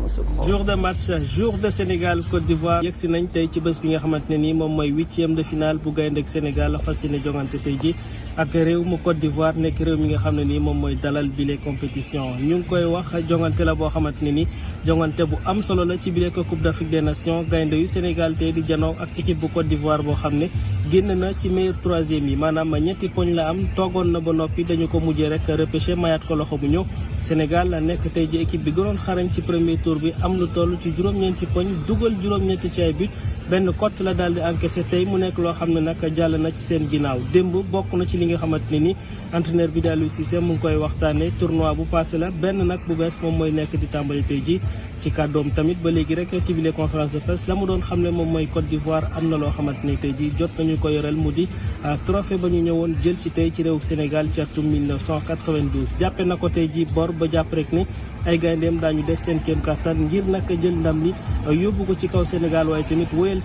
Moussoukro jour de match jour de Sénégal Côte d'Ivoire yegsi nañ tey ci bés bi nga xamante ne moom mooy huitième de finale bu gaynde ak Sénégal fas yéene jongante tey ji ak réew mu Côte d'Ivoire nekk réew mi nga xam ne nii moom mooy dalal bile compétition ñu ngi koy wax jongante la boo xamante ne nii jongante bu am solo la ci bile ko Coupe d'Afrique des Nations gaynde yu Sénégal tey di janoo ak équipe bu Côte d'Ivoire boo xam ne génn na ci meilleur troisième yi maanaam ñetti poñ la am toogoon na ba noppi dañu ko mujjee rek repêché loxo bu ñëw Sénégal suur bi am na toll ci juróom-ñeenti poñ dugal juróom-ñetti ci ay benn cote la daal di kese tey mu nekk loo xam ne nag jàll na ci seen ginnaaw démb bokk na ci li nga xamante ne ni entraîneur bi daal di Cissé mu ngi koy waxtaanee tournoi bu passé la benn nag bu bees moom mooy nekk di tàmbali tey ji ci kàddoom tamit ba léegi rek ci bile conférence de presse la mu doon xam ne moom mooy Côte d'Ivoire am na loo xamante ni tey ji jot nañu ko yoral mu di euh, trophée ba ñu ñëwoon jël ci tey ci réew Sénégal ci atum 1992 jàppe na ko tey ji bor ba jàpp rek ni ay gayndeem daañu def seen kéem kattan ngir nag jël ndam li euh, yóbbu ci kaw Sénégal waaye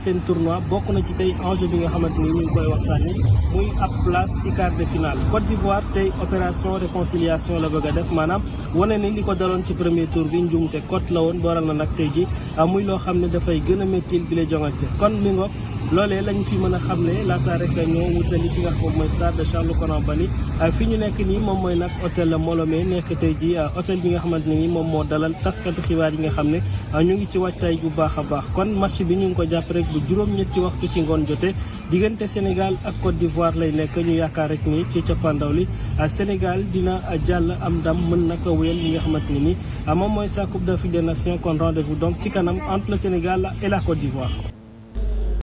seen tournoi bokk na ci tey enjeu bi nga xamante ni ñu ngi koy waxtaane muy ab place ci quart de finale Côte d'Ivoire tey opération réconciliation la bëgg a def maanaam wane ni li ko daloon ci premier tour bi njuumte cote la woon booral na nag tey ji am muy loo xam ne dafay gën a méttil bi la jongante kon mi ngoog loolee lañ fi mën a xamle laata rek ñoo wutali fi nga xam mooy stade Charles Konan Banny ah, fi ñu nekk nii moom mooy nag hôtel Molomé nekk tey ji ah, hôtel bi nga xamante ne ni moom moo dalal taskatu xibaar yi nga xam ne ah, ñu ngi ci waajtaay bu baax a baax kon match bi ñu ngi ko jàpp bu juróom-ñetti waxtu ci ngoon jote diggante Sénégal ak Côte d'Ivoire lay nekk ñu yaakaar rek ni ci cappaandaw li Sénégal dina jàll am dam mën na ko wéyal li nga xamante ne ni moom mooy sa Coupe d'Afrique des Nations kon rendez-vous donc ci kanam entre le Sénégal et la